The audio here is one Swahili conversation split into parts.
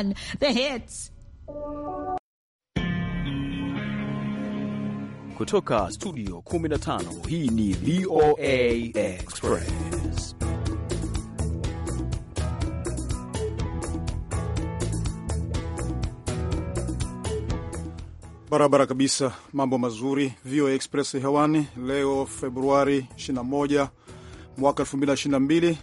Burhan, the hits kutoka studio 15. Hii ni VOA Express. Barabara kabisa, mambo mazuri. VOA Express hewani leo Februari 21 mwaka 2022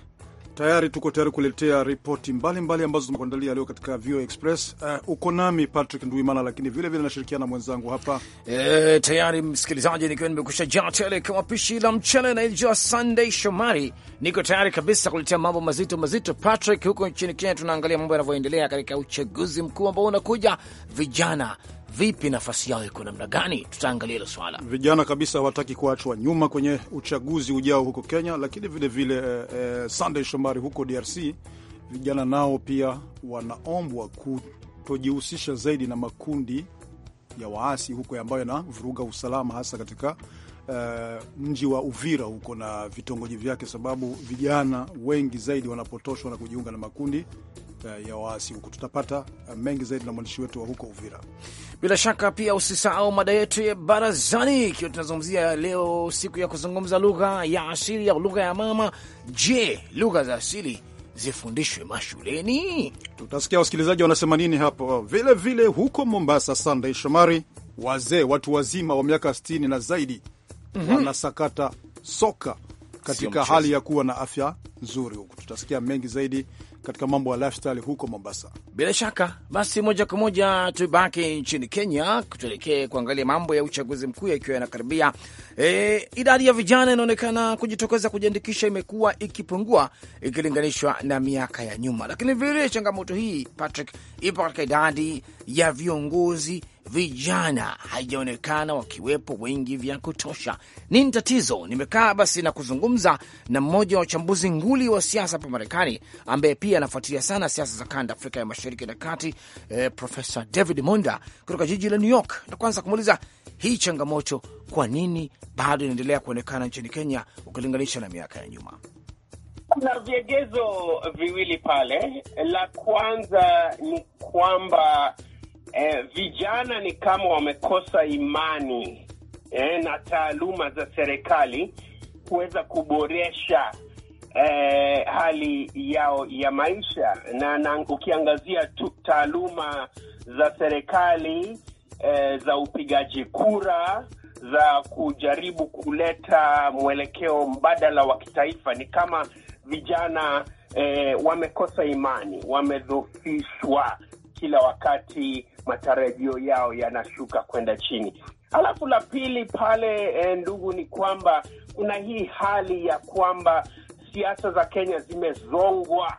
tayari tuko tayari kuletea ripoti mbalimbali ambazo tumekuandalia leo katika VOA Express. Uh, uko nami Patrick nduimana lakini vile vile nashirikiana na mwenzangu hapa e, tayari msikilizaji, nikiwa nimekusha jaa tele kama pishi la mchele na ilijua Sunday Shomari, niko tayari kabisa kuletea mambo mazito mazito. Patrick, huko nchini Kenya tunaangalia mambo yanavyoendelea katika uchaguzi mkuu ambao unakuja, vijana Vipi nafasi yao iko namna gani? Tutaangalia hilo swala. Vijana kabisa hawataki kuachwa nyuma kwenye uchaguzi ujao huko Kenya, lakini vilevile vile, eh, eh, Sunday Shomari huko DRC, vijana nao pia wanaombwa kutojihusisha zaidi na makundi ya waasi huko ambayo yanavuruga usalama hasa katika Uh, mji wa Uvira huko na vitongoji vyake, sababu vijana wengi zaidi wanapotoshwa na kujiunga na makundi ya waasi huku. Tutapata uh, mengi zaidi na mwandishi wetu wa huko Uvira. Bila shaka pia usisahau mada yetu ya barazani, ikiwa tunazungumzia leo siku ya kuzungumza lugha ya asili au lugha ya mama. Je, lugha za asili zifundishwe mashuleni? Tutasikia wasikilizaji wanasema nini hapo. Vilevile uh, vile, huko Mombasa, Sandey Shomari, wazee watu wazima wa miaka 60 na zaidi mm -hmm. wanasakata soka katika hali ya kuwa na afya nzuri. Huku tutasikia mengi zaidi katika mambo ya lifestyle huko Mombasa. Bila shaka basi, moja kwa moja tubaki nchini Kenya, tuelekee kuangalia mambo ya uchaguzi mkuu yakiwa yanakaribia. E, idadi ya vijana inaonekana kujitokeza kujiandikisha imekuwa ikipungua ikilinganishwa na miaka ya nyuma, lakini vilevile changamoto hii Patrick, ipo katika idadi ya viongozi vijana haijaonekana wakiwepo wengi vya kutosha. Nini tatizo? Nimekaa basi na kuzungumza na mmoja wa wachambuzi nguli wa siasa hapa Marekani, ambaye pia anafuatilia sana siasa za kanda Afrika ya mashariki na kati, eh, Profesa David Monda kutoka jiji la New York, na kwanza kumuuliza hii changamoto, kwa nini bado inaendelea kuonekana nchini Kenya ukilinganisha na miaka ya nyuma? Kuna viegezo viwili pale. La kwanza ni kwamba eh, vijana ni kama wamekosa imani eh, na taaluma za serikali kuweza kuboresha eh, hali yao ya maisha na, na ukiangazia tu, taaluma za serikali eh, za upigaji kura za kujaribu kuleta mwelekeo mbadala wa kitaifa ni kama vijana eh, wamekosa imani, wamedhofishwa kila wakati matarajio yao yanashuka kwenda chini. Alafu la pili pale, e, ndugu, ni kwamba kuna hii hali ya kwamba siasa za Kenya zimezongwa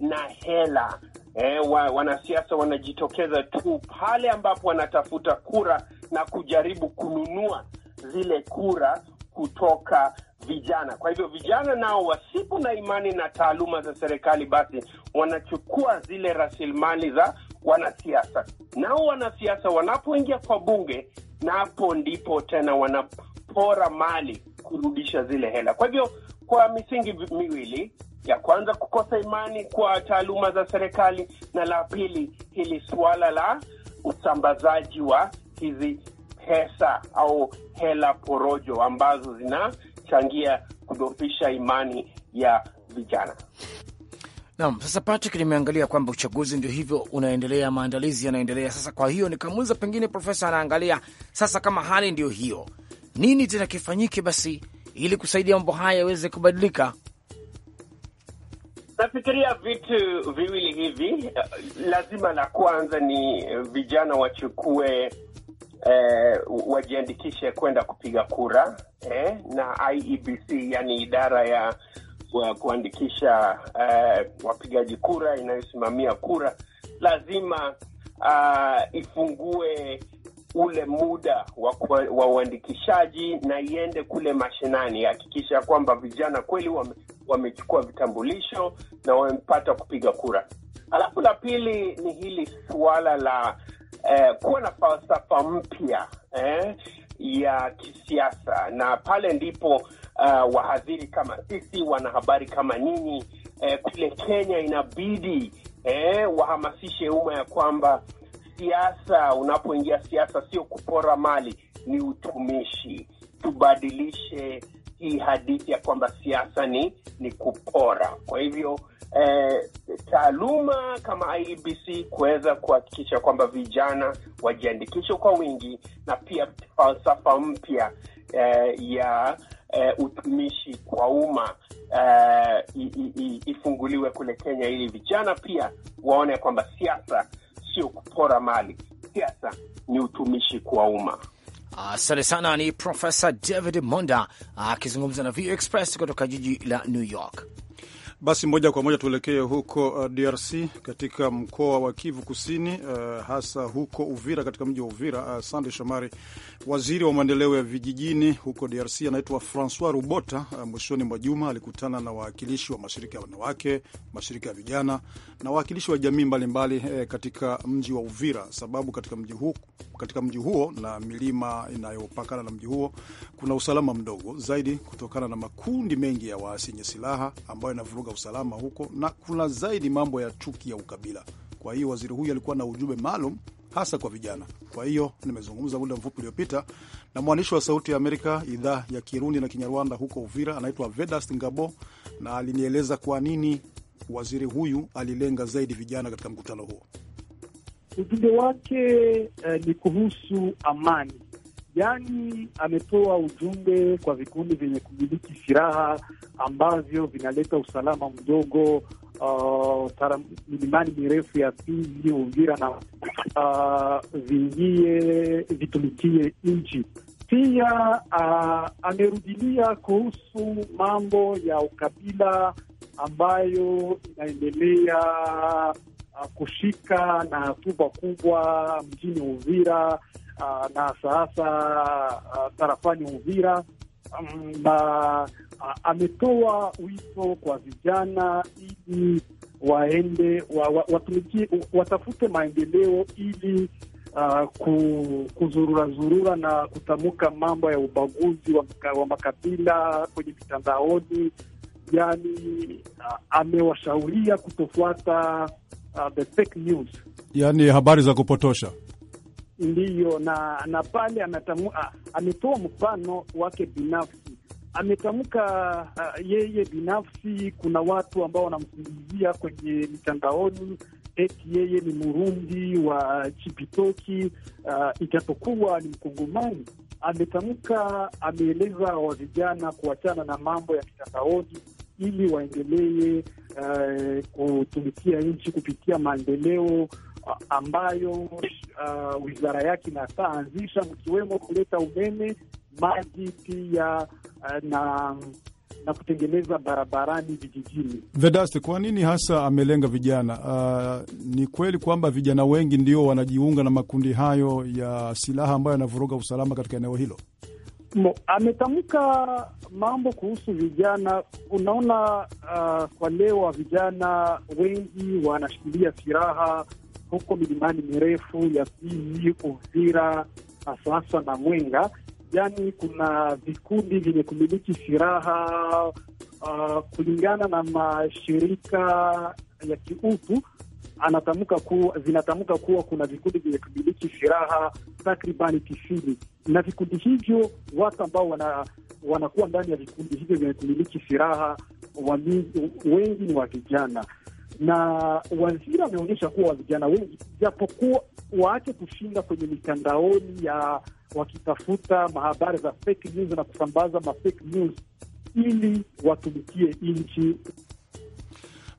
na hela. E, wa, wanasiasa wanajitokeza tu pale ambapo wanatafuta kura na kujaribu kununua zile kura kutoka vijana. Kwa hivyo vijana nao wasipo na imani na taaluma za serikali, basi wanachukua zile rasilimali za wanasiasa. Nao wanasiasa wanapoingia kwa bunge, napo ndipo tena wanapora mali kurudisha zile hela. Kwa hivyo, kwa misingi miwili ya kwanza kukosa imani kwa taaluma za serikali, na la pili hili suala la usambazaji wa hizi pesa au hela porojo ambazo zinachangia kudhoofisha imani ya vijana. Naam, sasa Patrick, nimeangalia kwamba uchaguzi ndio hivyo unaendelea, maandalizi yanaendelea sasa. Kwa hiyo nikamuuliza pengine profesa anaangalia sasa, kama hali ndio hiyo, nini tena kifanyike basi ili kusaidia mambo haya yaweze kubadilika? Nafikiria vitu viwili hivi. Lazima la kwanza ni vijana wachukue Eh, wajiandikishe kwenda kupiga kura eh, na IEBC yani idara ya wa kuandikisha uh, wapigaji kura inayosimamia kura lazima uh, ifungue ule muda wa uandikishaji na iende kule mashinani, hakikisha kwamba vijana kweli wamechukua wame vitambulisho na wamepata kupiga kura. Alafu la pili ni hili suala la eh, kuwa na falsafa mpya eh, ya kisiasa, na pale ndipo uh, wahadhiri kama sisi, wanahabari kama nyinyi eh, kule Kenya inabidi eh, wahamasishe umma ya kwamba siasa, unapoingia siasa sio kupora mali, ni utumishi. Tubadilishe hii hadithi ya kwamba siasa ni ni kupora. Kwa hivyo eh, taaluma kama IEBC kuweza kuhakikisha kwamba vijana wajiandikishwa kwa wingi, na pia falsafa mpya eh, ya eh, utumishi kwa umma eh, ifunguliwe kule Kenya ili vijana pia waone kwamba siasa sio kupora mali, siasa ni utumishi kwa umma. Asante sana. Ni Profesa David Monda akizungumza na VOA Express kutoka jiji la New York. Basi moja kwa moja tuelekee huko uh, DRC katika mkoa wa Kivu Kusini, uh, hasa huko Uvira, katika mji wa Uvira. Uh, Sande Shomari, waziri wa maendeleo ya vijijini huko DRC anaitwa Francois Rubota, uh, mwishoni mwa juma alikutana na wawakilishi wa mashirika ya wanawake, mashirika ya vijana na wawakilishi wa jamii mbalimbali mbali, eh, uh, katika mji wa Uvira, sababu katika mji huu, katika mji huo na milima inayopakana na mji huo kuna usalama mdogo zaidi kutokana na makundi mengi ya waasi yenye silaha ambayo yanavuruga usalama huko, na kuna zaidi mambo ya chuki ya ukabila. Kwa hiyo waziri huyu alikuwa na ujumbe maalum hasa kwa vijana. Kwa hiyo nimezungumza muda mfupi uliopita na mwandishi wa Sauti ya Amerika idhaa ya Kirundi na Kinyarwanda huko Uvira, anaitwa Vedas Ngabo, na alinieleza kwa nini waziri huyu alilenga zaidi vijana katika mkutano huo. Ujumbe wake uh, ni kuhusu amani yaani ametoa ujumbe kwa vikundi vyenye kumiliki silaha ambavyo vinaleta usalama mdogo uh, milimani mirefu ya Fizi, Uvira na uh, viingie vitumikie nchi pia. Uh, amerudilia kuhusu mambo ya ukabila ambayo inaendelea uh, kushika na tuba kubwa mjini Uvira Ah, na sasa ah, tarafani Uvira mm, na ah, ametoa wito kwa vijana ili waende wa, wa, watumikie watafute maendeleo ili uh, ku, kuzurura zurura na kutamuka mambo ya ubaguzi wa, wa makabila kwenye mitandaoni. Yani uh, amewashauria kutofuata uh, the fake news, yani habari za kupotosha ndiyo, na na pale ametoa mfano wake binafsi, ametamka uh, yeye binafsi. Kuna watu ambao wanamsingizia kwenye mitandaoni eti yeye ni Murundi wa chipitoki uh, ijapokuwa ni Mkongomani. Ametamka, ameeleza wa vijana kuachana na mambo ya mitandaoni ili waendelee uh, kutumikia nchi kupitia maendeleo ambayo uh, wizara yake inataanzisha mkiwemo kuleta umeme, maji pia uh, na na kutengeneza barabarani vijijini. Vedasti, kwa nini hasa amelenga vijana? Uh, ni kweli kwamba vijana wengi ndio wanajiunga na makundi hayo ya silaha ambayo yanavuruga usalama katika eneo hilo. Mo, ametamka mambo kuhusu vijana. Unaona, uh, kwa leo wa vijana wengi wanashikilia silaha huko milimani mirefu ya Fizi, Uvira, hasahasa na Mwenga. Yani kuna vikundi vyenye kumiliki silaha uh, kulingana na mashirika ya kiutu anatamka kuwa, zinatamka kuwa kuna vikundi vyenye kumiliki silaha takribani tisini na vikundi hivyo, watu ambao wana, wanakuwa ndani ya vikundi hivyo vyenye kumiliki silaha wengi ni wa vijana na waziri ameonyesha kuwa vijana wengi japokuwa waache kushinda kwenye mitandaoni ya wakitafuta mahabari za fake news na kusambaza ma fake news ili watumikie nchi.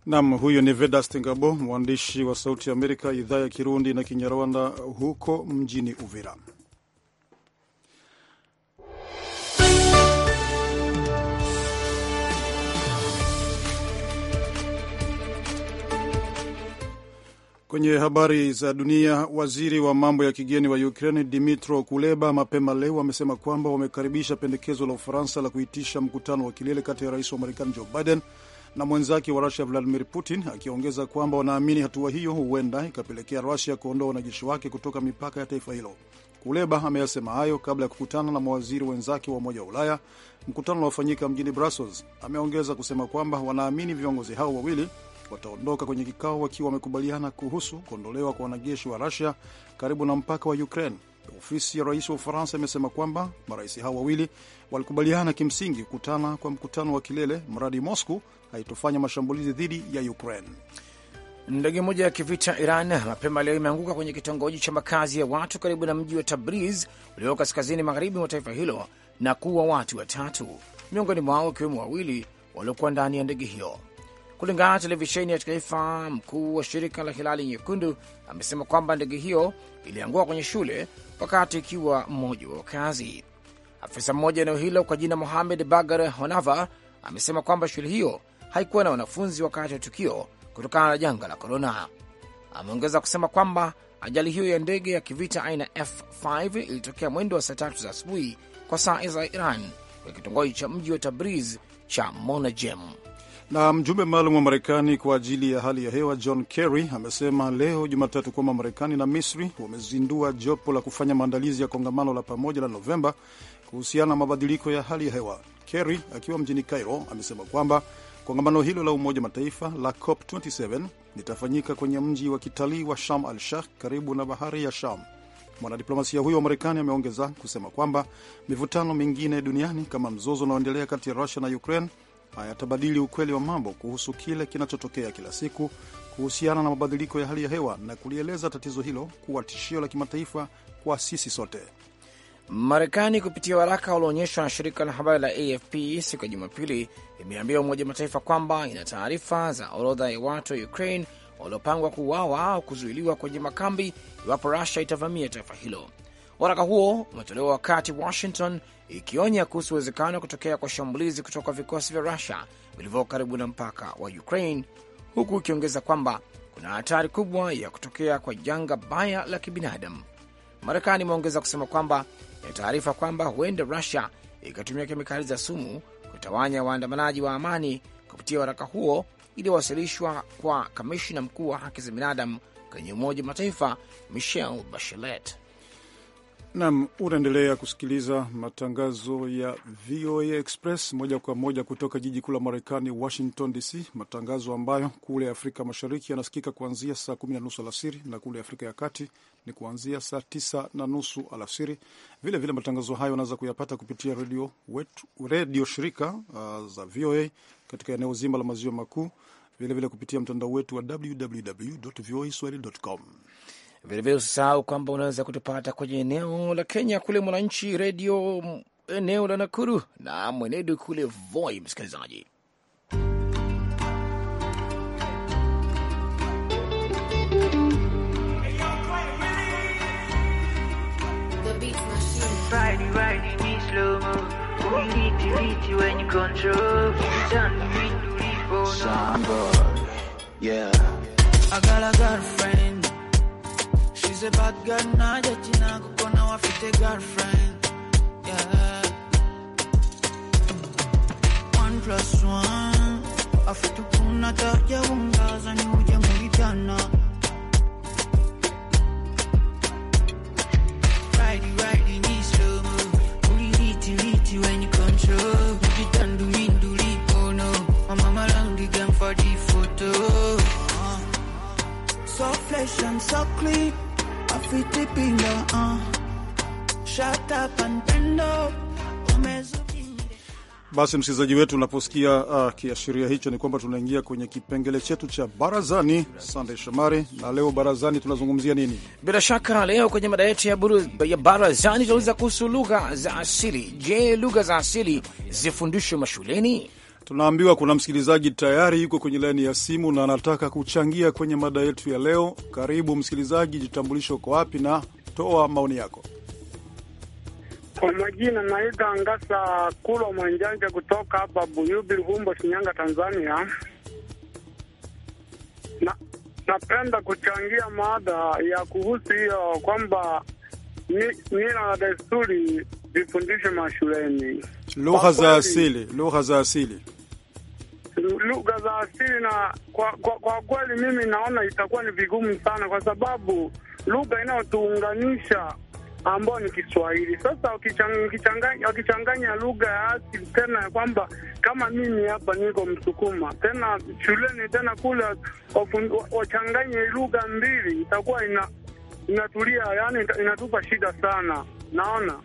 Nam, huyo ni Vedaste Ngabo, mwandishi wa Sauti ya Amerika idhaa ya Kirundi na Kinyarwanda huko mjini Uvira. Kwenye habari za dunia, waziri wa mambo ya kigeni wa Ukraine Dmytro Kuleba mapema leo amesema kwamba wamekaribisha pendekezo la Ufaransa la kuitisha mkutano wa kilele kati ya rais wa Marekani Joe Biden na mwenzake wa Rusia Vladimir Putin, akiongeza kwamba wanaamini hatua hiyo huenda ikapelekea Rusia kuondoa wanajeshi wake kutoka mipaka ya taifa hilo. Kuleba ameyasema hayo kabla ya kukutana na mawaziri wenzake wa Umoja wa Ulaya, mkutano unaofanyika mjini Brussels. Ameongeza kusema kwamba wanaamini viongozi hao wawili wataondoka kwenye kikao wakiwa wamekubaliana kuhusu kuondolewa kwa wanajeshi wa Rusia karibu na mpaka wa Ukraine. Ofisi ya rais wa Ufaransa imesema kwamba marais hao wawili walikubaliana kimsingi kukutana kwa mkutano wa kilele mradi Moscow haitofanya mashambulizi dhidi ya Ukraine. Ndege moja ya kivita Iran mapema leo imeanguka kwenye kitongoji cha makazi ya watu karibu na mji wa Tabriz ulioko kaskazini magharibi mwa taifa hilo na kuua watu watatu, miongoni mwao wakiwemo wawili waliokuwa ndani ya ndege hiyo. Kulingana na televisheni ya taifa, mkuu wa shirika la Hilali Nyekundu amesema kwamba ndege hiyo ilianguka kwenye shule wakati ikiwa mmoja wa wakazi. Afisa mmoja eneo hilo kwa jina Mohamed Bagar Honava amesema kwamba shule hiyo haikuwa na wanafunzi wakati wa tukio kutokana na janga la korona. Ameongeza kusema kwamba ajali hiyo ya ndege ya kivita aina F5 ilitokea mwendo wa saa tatu za asubuhi kwa saa za Iran, kwa kitongoji cha mji wa Tabriz cha Monajem. Na mjumbe maalum wa Marekani kwa ajili ya hali ya hewa John Kerry amesema leo Jumatatu kwamba Marekani na Misri wamezindua jopo la kufanya maandalizi ya kongamano la pamoja la Novemba kuhusiana na mabadiliko ya hali ya hewa. Kerry akiwa mjini Cairo amesema kwamba kongamano hilo la Umoja Mataifa la COP 27 litafanyika kwenye mji wa kitalii wa Sham al Sheikh karibu na bahari ya Sham. Mwanadiplomasia huyo wa Marekani ameongeza kusema kwamba mivutano mingine duniani kama mzozo unaoendelea kati ya Rusia na Ukraine hayatabadili ukweli wa mambo kuhusu kile kinachotokea kila siku kuhusiana na mabadiliko ya hali ya hewa na kulieleza tatizo hilo kuwa tishio la kimataifa kwa sisi sote. Marekani kupitia waraka ulioonyeshwa na shirika la habari la AFP siku ya Jumapili imeambia Umoja Mataifa kwamba ina taarifa za orodha ya watu wa Ukraine waliopangwa kuuawa au kuzuiliwa kwenye makambi iwapo Rusia itavamia taifa hilo. Waraka huo umetolewa wakati Washington ikionya kuhusu uwezekano wa kutokea kwa shambulizi kutoka vikosi vya Rusia vilivyo karibu na mpaka wa Ukraine, huku ikiongeza kwamba kuna hatari kubwa ya kutokea kwa janga baya la kibinadamu. Marekani imeongeza kusema kwamba ina taarifa kwamba huenda Rusia ikatumia kemikali za sumu kutawanya waandamanaji wa amani. Kupitia waraka huo iliyowasilishwa kwa kamishna mkuu wa haki za binadamu kwenye Umoja wa Mataifa Michelle Bachelet. Nam, unaendelea kusikiliza matangazo ya VOA Express moja kwa moja kutoka jiji kuu la Marekani, Washington DC, matangazo ambayo kule Afrika Mashariki yanasikika kuanzia saa kumi na nusu alasiri na kule Afrika ya Kati ni kuanzia saa tisa na nusu alasiri. Vilevile matangazo hayo unaweza kuyapata kupitia redio wetu, redio shirika uh, za VOA katika eneo zima la maziwa makuu, vilevile kupitia mtandao wetu wa www voa com Vilevile usisahau kwamba unaweza kutupata kwenye eneo la Kenya kule Mwananchi Redio eneo la Nakuru na mwenedu kule Voi. Msikilizaji, I got a girlfriend a bad girl na jachina kukona wafite girlfriend yeah one plus one afitukuna tajaungaza ni uje muitana righty righty ni slow uliriti riti when you control ujitanduindulipono mamamalangigam for the photo uh. so fresh and so clean Uh. Basi msikilizaji wetu, unaposikia uh, kiashiria hicho ni kwamba tunaingia kwenye kipengele chetu cha barazani. sandey Shomari, na leo barazani tunazungumzia nini? Bila shaka leo kwenye mada yetu ya, ya barazani tunauliza kuhusu lugha za asili. Je, lugha za asili zifundishwe mashuleni? Tunaambiwa kuna msikilizaji tayari yuko kwenye laini ya simu na anataka kuchangia kwenye mada yetu ya leo. Karibu msikilizaji, jitambulisho, uko wapi na toa maoni yako. Kwa majina naitwa Ngasa Kulwa Mwenjanja kutoka hapa Buyubi, Humbo, Shinyanga, Tanzania. Na napenda kuchangia mada ya kuhusu hiyo kwamba mila na desturi zifundishwe mashuleni lugha za asili, lugha za asili, lugha za asili. Na kwa kwa, kwa kweli mimi naona itakuwa ni vigumu sana, kwa sababu lugha inayotuunganisha ambayo ni Kiswahili. Sasa wakichanganya lugha ya asili tena ya kwamba kama mimi hapa niko Msukuma, tena shuleni tena kule wachanganye lugha mbili, itakuwa ina- inatulia, yani inatupa shida sana, naona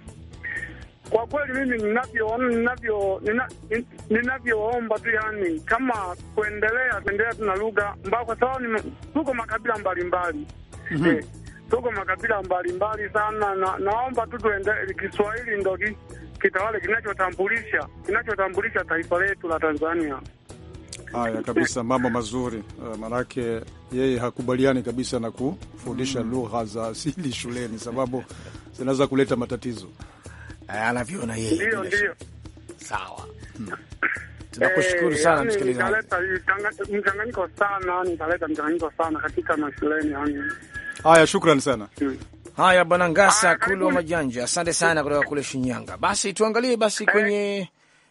kwa kweli mimi ninavyoona ninavyo ninavyoomba tu, yani kama kuendelea kuendelea tu na lugha mbao, kwa sababu tuko makabila mbalimbali mm -hmm. eh, tuko makabila mbalimbali sana na, naomba tu tuendelee. Kiswahili ndo kitawale kinachotambulisha kinachotambulisha taifa letu la Tanzania. Haya kabisa, mambo mazuri. Eh, manake yeye hakubaliani kabisa na kufundisha mm. lugha za asili shuleni, sababu zinaweza kuleta matatizo. Eh, anavyoona yeye. Ndio, ndio, sawa. Hmm. Tunakushukuru eh, sana msikilizaji. Mchanganyiko sana, nitaleta mchanganyiko sana katika mashuleni yani. Haya, shukrani sana hmm. Haya bwana Ngasa ah, Kulwa Majanja, asante sana kutoka kule Shinyanga. Basi tuangalie basi eh. kwenye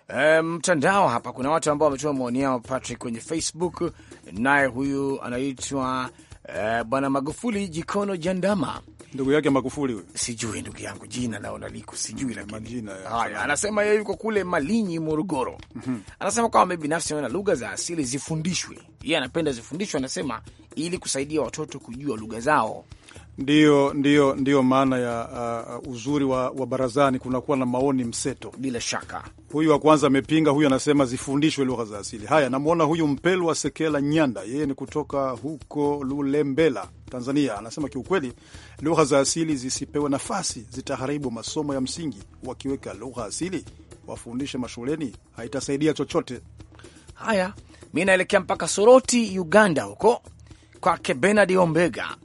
eh, mtandao hapa, kuna watu ambao wametoa maoni yao Patrick, kwenye Facebook. Naye huyu anaitwa Eh, Bwana Magufuli Jikono Jandama, ndugu yake Magufuli huyo, sijui ndugu yangu jina naona liko sijui, lakini haya, anasema yeye yuko kule Malinyi, Morogoro. mm -hmm. Anasema kwamba mimi binafsi naona lugha za asili zifundishwe, yeye anapenda zifundishwe, anasema ili kusaidia watoto kujua lugha zao Ndiyo, ndio ndio maana ya uh, uzuri wa, wa barazani, kunakuwa na maoni mseto. Bila shaka, huyu wa kwanza amepinga, huyu anasema zifundishwe lugha za asili. Haya, namwona huyu Mpelwa Sekela Nyanda, yeye ni kutoka huko Lulembela, Tanzania. Anasema kiukweli, lugha za asili zisipewe nafasi, zitaharibu masomo ya msingi. Wakiweka lugha asili wafundishe mashuleni, haitasaidia chochote. Haya, mi naelekea mpaka Soroti, Uganda, huko kwake Benard Ombega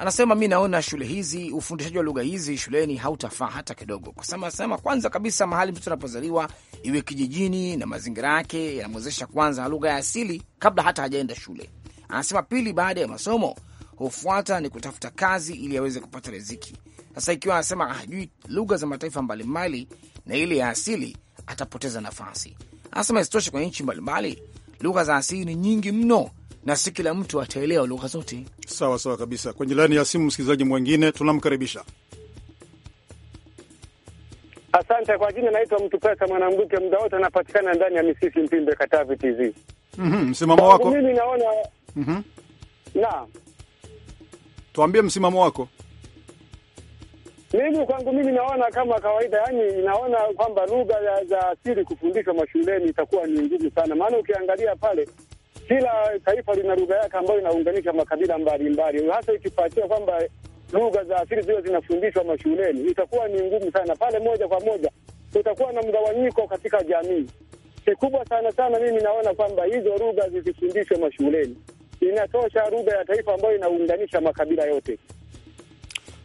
Anasema mi naona shule hizi, ufundishaji wa lugha hizi shuleni hautafaa hata kidogo, kwa sababu anasema kwanza kabisa mahali mtoto anapozaliwa iwe kijijini na mazingira yake yanamwezesha kwanza lugha ya asili kabla hata hajaenda shule. Anasema pili, baada ya masomo hufuata ni kutafuta kazi ili aweze kupata riziki. Sasa ikiwa anasema hajui lugha za mataifa mbalimbali na ile ya asili, atapoteza nafasi. Anasema isitoshe, kwenye nchi mbalimbali lugha za asili ni nyingi mno na si kila mtu ataelewa lugha zote. Sawa sawa kabisa. Kwenye laini ya simu msikilizaji mwengine tunamkaribisha. Asante kwa jina, naitwa mtu pesa mwanambuke, muda wote anapatikana ndani ya misisi Mpimbe, Katavi TV. mm -hmm, msimamo wako? Mimi naona mm -hmm. na tuambie msimamo wako. Mimi kwangu mimi naona kama kawaida, yani naona kwamba lugha za asili kufundishwa mashuleni itakuwa ni ngumu sana, maana ukiangalia pale kila taifa lina lugha yake ambayo inaunganisha makabila mbalimbali, hasa ikipatia kwamba lugha za asili zile zinafundishwa mashuleni, itakuwa ni ngumu sana pale. Moja kwa moja utakuwa na mgawanyiko katika jamii. Kikubwa sana sana, mimi naona kwamba hizo lugha zizifundishwe mashuleni, inatosha lugha ya taifa ambayo inaunganisha makabila yote.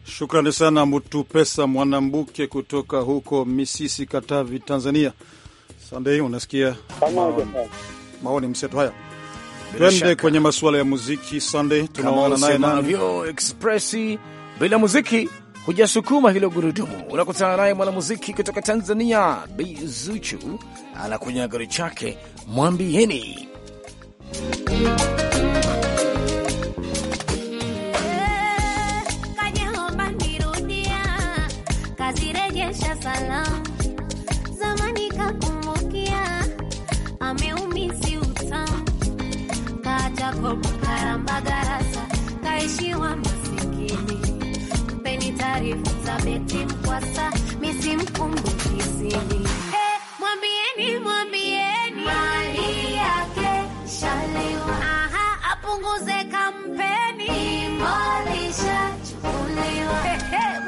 Shukrani sana pesa Mwanambuke kutoka huko Misisi, Katavi, Tanzania. Sandei, unasikia maoni mseto haya Twende kwenye masuala ya muziki. Sunday, tunaona naye navyo expressi, bila muziki hujasukuma hilo gurudumu. Unakutana naye mwanamuziki kutoka Tanzania, bizuchu Zuchu gari chake, mwambieni Elizabeth Mkwasa, mimi simkumbuki sini. Eh, hey, mwambieni mwambieni mali yake shalewa, aha, apunguze kampeni, imolisha chukuliwa. Hey, eh, eh, hey.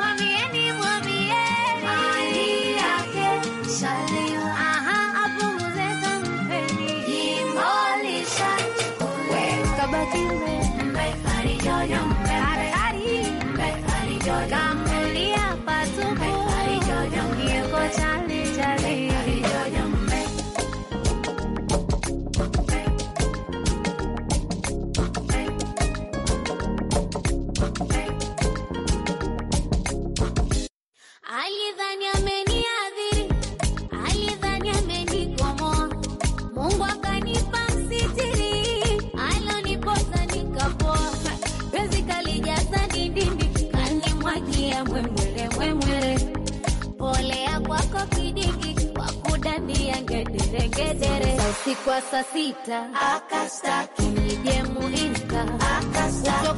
siku saa sita akastaki nije muinka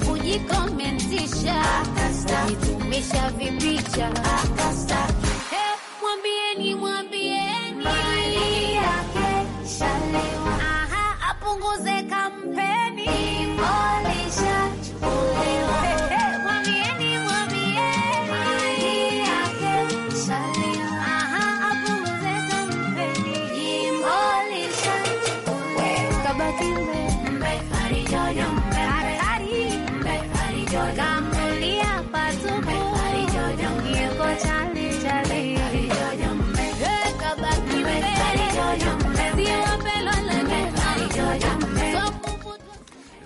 kujikomentisha kujitumisha vipicha akastaki mwambieni mwambieni apunguze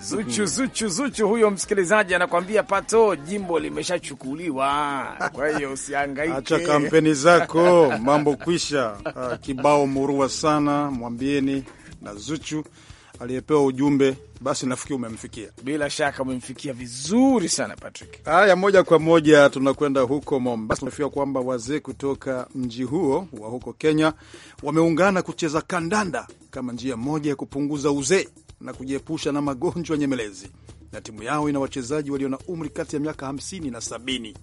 Zuchu, Zuchu, Zuchu, huyo msikilizaji anakwambia pato jimbo limeshachukuliwa, kwa hiyo usihangaike, acha kampeni zako, mambo kwisha. Uh, kibao murua sana, mwambieni na Zuchu aliyepewa ujumbe basi nafikiri umemfikia. Bila shaka umemfikia vizuri sana Patrick. Haya, moja kwa moja tunakwenda huko Mombasa. Tunafikia kwamba wazee kutoka mji huo wa huko Kenya wameungana kucheza kandanda kama njia moja ya kupunguza uzee na kujiepusha na magonjwa nyemelezi, na timu yao ina wachezaji walio na umri kati ya miaka 50 na 70.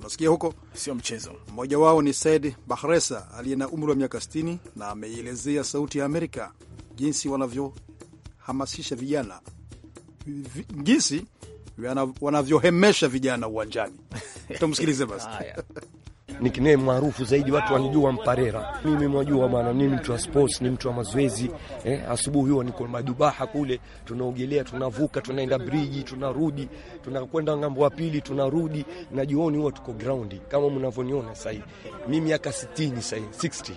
Unasikia huko, sio mchezo. Mmoja wao ni Said Bahresa aliye na umri wa miaka 60, na ameielezea Sauti ya Amerika jinsi wanavyohamasisha vijana jinsi wanavyohemesha vijana uwanjani. Tumsikilize basi nickname maarufu zaidi, watu wanijua Mparera. Mimi mwajua bwana, ni mtu wa sports, ni mtu wa mazoezi eh. Asubuhi huwa niko madubaha kule, tunaogelea, tunavuka, tunaenda bridge, tunarudi, tunakwenda ngambo ya pili, tunarudi, na jioni huwa tuko ground kama mnavyoniona sasa hivi. Mimi miaka 60 sasa hivi 60.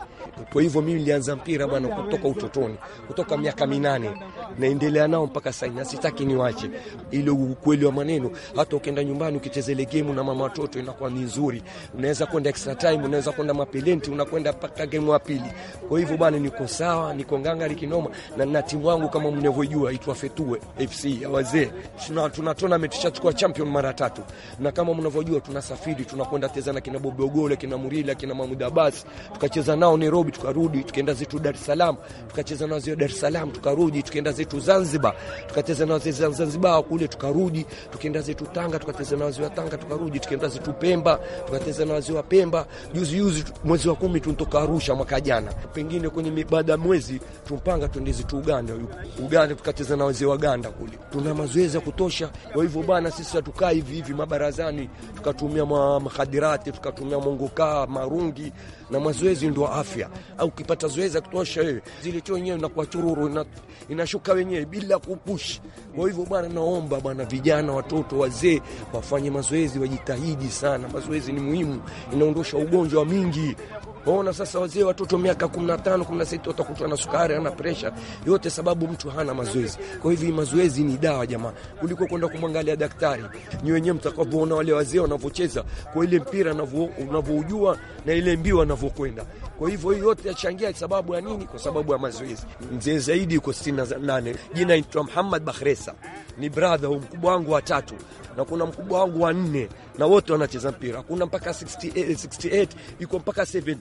Kwa hivyo mimi nilianza mpira bwana kutoka utotoni, kutoka miaka minane naendelea nao mpaka sasa, na sitaki niwache. Ile ukweli wa maneno, hata ukienda nyumbani ukicheza ile game na mama watoto inakuwa ni nzuri, unaweza unakwenda extra time, unaweza kwenda mapelenti, unakwenda mpaka game ya pili. Kwa hivyo bwana, niko sawa, niko ngangari kinoma na na timu yangu kama mnavyojua itwa Fetue FC ya wazee. Tuna tuna tournament tushachukua champion mara tatu, na kama mnavyojua tunasafiri, tunakwenda cheza na kina Bobo Ogole, kina Murila, kina Mahmud Abbas, tukacheza nao Nairobi, tukarudi tukaenda zetu Dar es Salaam, tukacheza nao zetu Dar es Salaam, tukarudi tukaenda zetu Zanzibar, tukacheza nao zetu Zanzibar kule, tukarudi tukaenda zetu Tanga, tukacheza nao zetu Tanga, tukarudi tukaenda zetu Pemba, tukacheza nao zetu Pemba, juzi juzi mwezi wa kumi tuntoka Arusha mwaka jana, pengine kwenye baada ya mwezi tumpanga tuendezi tu Uganda, Uganda tukacheza na wazee wa Uganda kule, tuna mazoezi ya kutosha. Kwa hivyo bana, sisi hatukaa hivi hivi mabarazani, tukatumia mahadirati tukatumia mongokaa marungi na mazoezi ndio afya. Au ukipata zoezi ya kutosha, wewe eh, zilitio wenyewe inakuwa chururu inashuka wenyewe bila kupush. Kwa hivyo bwana, naomba bwana, vijana, watoto, wazee wafanye mazoezi, wajitahidi sana. Mazoezi ni muhimu, inaondosha ugonjwa mingi Waona sasa wazee watoto miaka 15, 16 watakutwa na sukari, na presha yote, sababu mtu hana mazoezi. Kwa hivyo mazoezi ni dawa jamaa, kuliko kwenda kumwangalia daktari. Ni wenyewe mtakavyoona wale wazee wanavyocheza kwa ile mpira unavyoujua na ile mbio wanavyokwenda. Kwa hivyo hiyo yote yachangia sababu ya nini? Kwa sababu ya mazoezi. Mzee zaidi yuko 68, jina inaitwa Muhammad Bakhresa, ni brother mkubwa wangu watatu na kuna mkubwa wangu wanne, na wote wanacheza mpira. Kuna mpaka 68 68 eh, iko mpaka 70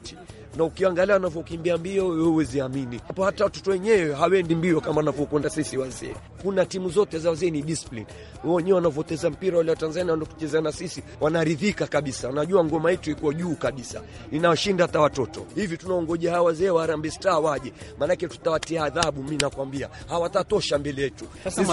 na ukiangalia wanavyokimbia mbio, wewe huwezi amini hapo. Hata watoto wenyewe hawendi mbio kama wanavyokwenda sisi wazee. Kuna timu zote za wazee ni discipline. wenyewe wanavyocheza mpira wale wa Tanzania wanaocheza na sisi wanaridhika kabisa, wanajua ngoma yetu iko juu kabisa, inawashinda hata watoto. Hivi tunaongoja hawa wazee wa Harambee Star waje, maanake tutawatia adhabu. Mi nakwambia hawatatosha mbele yetu, sisi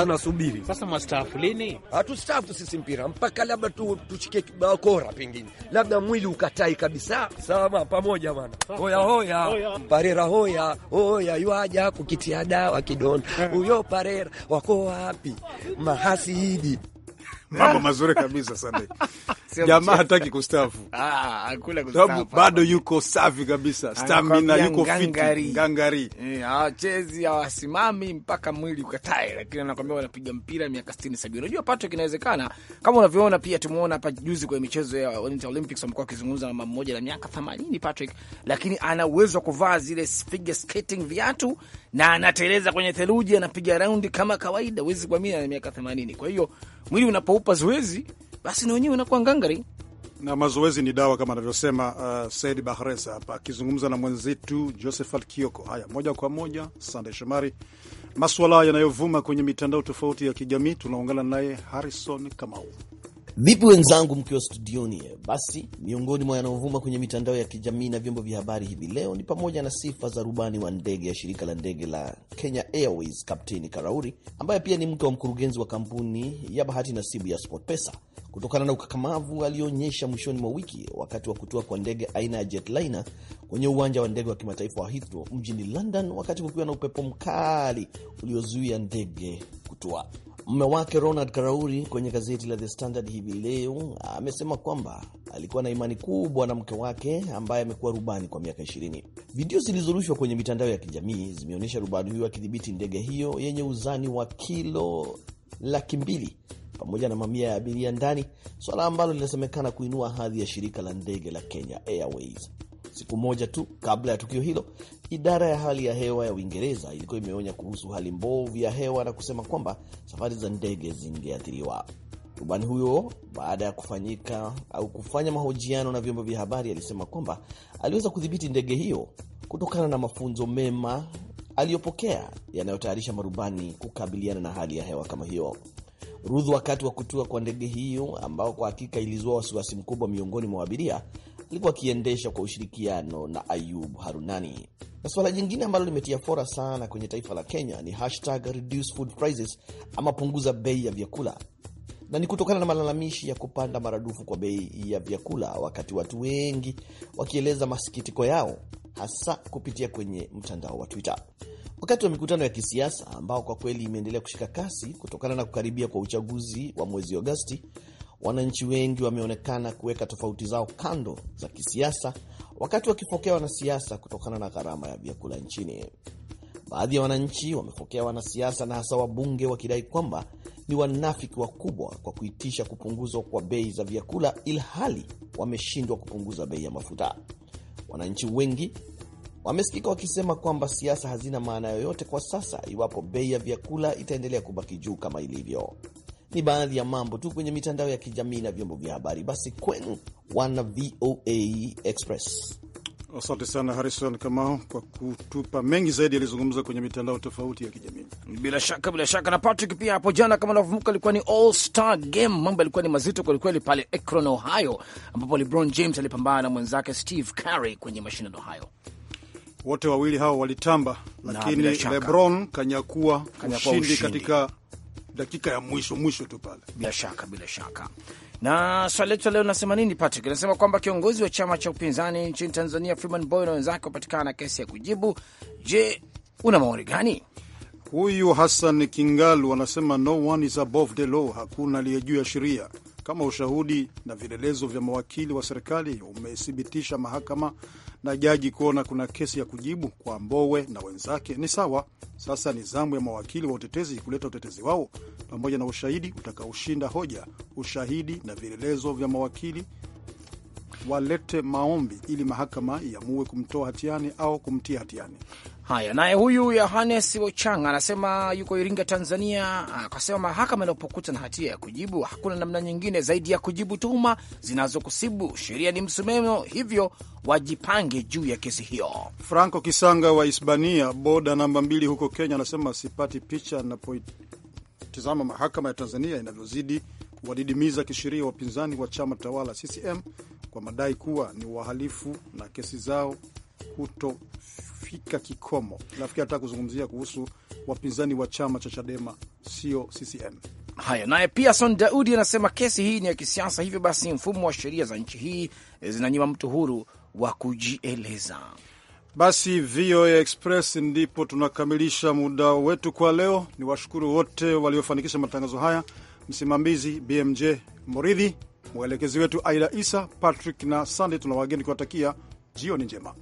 sasa. Mastaafu lini? Hatustaafu sisi mpira mpaka labda tuchike tu bakora, pengine labda mwili ukatai kabisa. Sawa pamoja bana hoya hoya parera hoya hoya yuaja kukitia dawa kidonda huyo eh. parera wako wapi mahasidi mambo mazuri kabisa sana. Jamaa hataki kustafu ah, sababu bado yuko safi kabisa, stamina yuko fiti, ngangari, eh, hawachezi hawasimami mpaka mwili ukatae, lakini anakwambia wanapiga mpira miaka sitini sabini. Unajua Patrick, inawezekana kama unavyoona, pia tumeona hapa juzi kwenye michezo ya Winter Olympics wamekuwa wakizungumza na mama mmoja na miaka themanini Patrick, lakini ana uwezo wa kuvaa zile figure skating viatu na anateleza kwenye theluji, anapiga raundi kama kawaida, huwezi kuamini, ana miaka 80. Kwa hiyo mwili unapoupa zoezi, basi na wenyewe unakuwa ngangari na mazoezi ni dawa kama anavyosema uh, Said Bahresa hapa akizungumza na mwenzetu Josephat Kioko. Haya, moja kwa moja, Sande Shomari, maswala yanayovuma kwenye mitandao tofauti ya kijamii, tunaungana naye Harrison Kamau. Vipi wenzangu, mkiwa studioni? Basi, miongoni mwa yanayovuma kwenye mitandao ya kijamii na vyombo vya habari hivi leo ni pamoja na sifa za rubani wa ndege ya shirika la ndege la Kenya Airways, Kapteni Karauri, ambaye pia ni mke wa mkurugenzi wa kampuni ya bahati nasibu ya SportPesa, kutokana na ukakamavu alionyesha mwishoni mwa wiki wakati wa kutua kwa ndege aina ya jetliner kwenye uwanja wa ndege wa kimataifa wa Heathrow mjini London, wakati kukiwa na upepo mkali uliozuia ndege kutua. Mume wake Ronald Karauri kwenye gazeti la The Standard hivi leo amesema kwamba alikuwa na imani kubwa na mke wake ambaye amekuwa rubani kwa miaka ishirini. Video zilizorushwa kwenye mitandao ya kijamii zimeonyesha rubani huyo akidhibiti ndege hiyo yenye uzani wa kilo laki mbili pamoja na mamia ya abiria ndani, swala ambalo linasemekana kuinua hadhi ya shirika la ndege la Kenya Airways. Siku moja tu kabla ya tukio hilo, idara ya hali ya hewa ya Uingereza ilikuwa imeonya kuhusu hali mbovu ya hewa na kusema kwamba safari za ndege zingeathiriwa. Rubani huyo baada ya kufanyika au kufanya mahojiano na vyombo vya habari alisema kwamba aliweza kudhibiti ndege hiyo kutokana na mafunzo mema aliyopokea yanayotayarisha marubani kukabiliana na hali ya hewa kama hiyo. Rudh, wakati wa kutua kwa ndege hiyo, ambao kwa hakika ilizua wasiwasi mkubwa miongoni mwa abiria, alikuwa akiendesha kwa ushirikiano na Ayub Harunani. Na suala jingine ambalo limetia fora sana kwenye taifa la Kenya ni hashtag reduce food prices ama punguza bei ya vyakula, na ni kutokana na malalamishi ya kupanda maradufu kwa bei ya vyakula, wakati watu wengi wakieleza masikitiko yao hasa kupitia kwenye mtandao wa Twitter wakati wa mikutano ya kisiasa ambao kwa kweli imeendelea kushika kasi kutokana na kukaribia kwa uchaguzi wa mwezi Agosti wananchi wengi wameonekana kuweka tofauti zao kando za kisiasa, wakati wakipokea wanasiasa kutokana na gharama ya vyakula nchini. Baadhi ya wananchi wamepokea wanasiasa na hasa wabunge wakidai kwamba ni wanafiki wakubwa kwa kuitisha kupunguzwa kwa bei za vyakula, ilhali wameshindwa kupunguza bei ya mafuta. Wananchi wengi wamesikika wakisema kwamba siasa hazina maana yoyote kwa sasa iwapo bei ya vyakula itaendelea kubaki juu kama ilivyo. Ni baadhi ya mambo tu kwenye mitandao ya kijamii na vyombo vya habari. Basi kwenu wana VOA Express. Asante sana Harison Kamau kwa kutupa mengi zaidi yalizungumza kwenye mitandao tofauti ya kijamii. Bila shaka, bila shaka. Na Patrick pia hapo jana, kama unavyombuka, alikuwa ni all star game. Mambo yalikuwa ni mazito kwelikweli pale Akron, Ohio, ambapo LeBron James alipambana na mwenzake Steve Curry kwenye mashindano hayo. Wote wawili hao walitamba, lakini LeBron kanyakua ushindi katika dakika ya mwisho mwisho tu pale. Bila shaka, bila shaka. Na swali letu leo linasema nini, Patrick? Nasema kwamba kiongozi wa chama cha upinzani nchini Tanzania Freeman Boy na wenzake wapatikana na kesi ya kujibu. Je, una maoni gani? Huyu Hassan Kingalu anasema no one is above the law, hakuna aliye juu ya sheria. Kama ushahudi na vielelezo vya mawakili wa serikali umethibitisha mahakama na jaji kuona kuna kesi ya kujibu kwa Mbowe na wenzake ni sawa. Sasa ni zamu ya mawakili wa utetezi kuleta utetezi wao pamoja na ushahidi utakaoshinda hoja. Ushahidi na vielelezo vya mawakili walete maombi ili mahakama iamue kumtoa hatiani au kumtia hatiani. Haya, naye huyu Yohanes Wochanga anasema yuko Iringa, Tanzania, akasema mahakama inapokuta na hatia ya kujibu, hakuna namna nyingine zaidi ya kujibu tuhuma zinazokusibu. Sheria ni msumeno, hivyo wajipange juu ya kesi hiyo. Franco Kisanga wa Hispania, boda namba mbili huko Kenya, anasema sipati picha anapotizama mahakama ya Tanzania inavyozidi kuwadidimiza kisheria wapinzani wa chama tawala CCM kwa madai kuwa ni wahalifu na kesi zao kuto imefika kikomo. Nafikiri anataka kuzungumzia kuhusu wapinzani wa chama cha Chadema, sio CCM. Haya, naye Pearson Daudi anasema kesi hii ni ya kisiasa, hivyo basi mfumo wa sheria za nchi hii eh, zinanyima mtu huru wa kujieleza. Basi VOA Express ndipo tunakamilisha muda wetu kwa leo. Ni washukuru wote waliofanikisha matangazo haya, msimamizi BMJ Moridhi, mwelekezi wetu Aida Isa Patrick na Sandey. Tuna wageni kuwatakia jioni njema.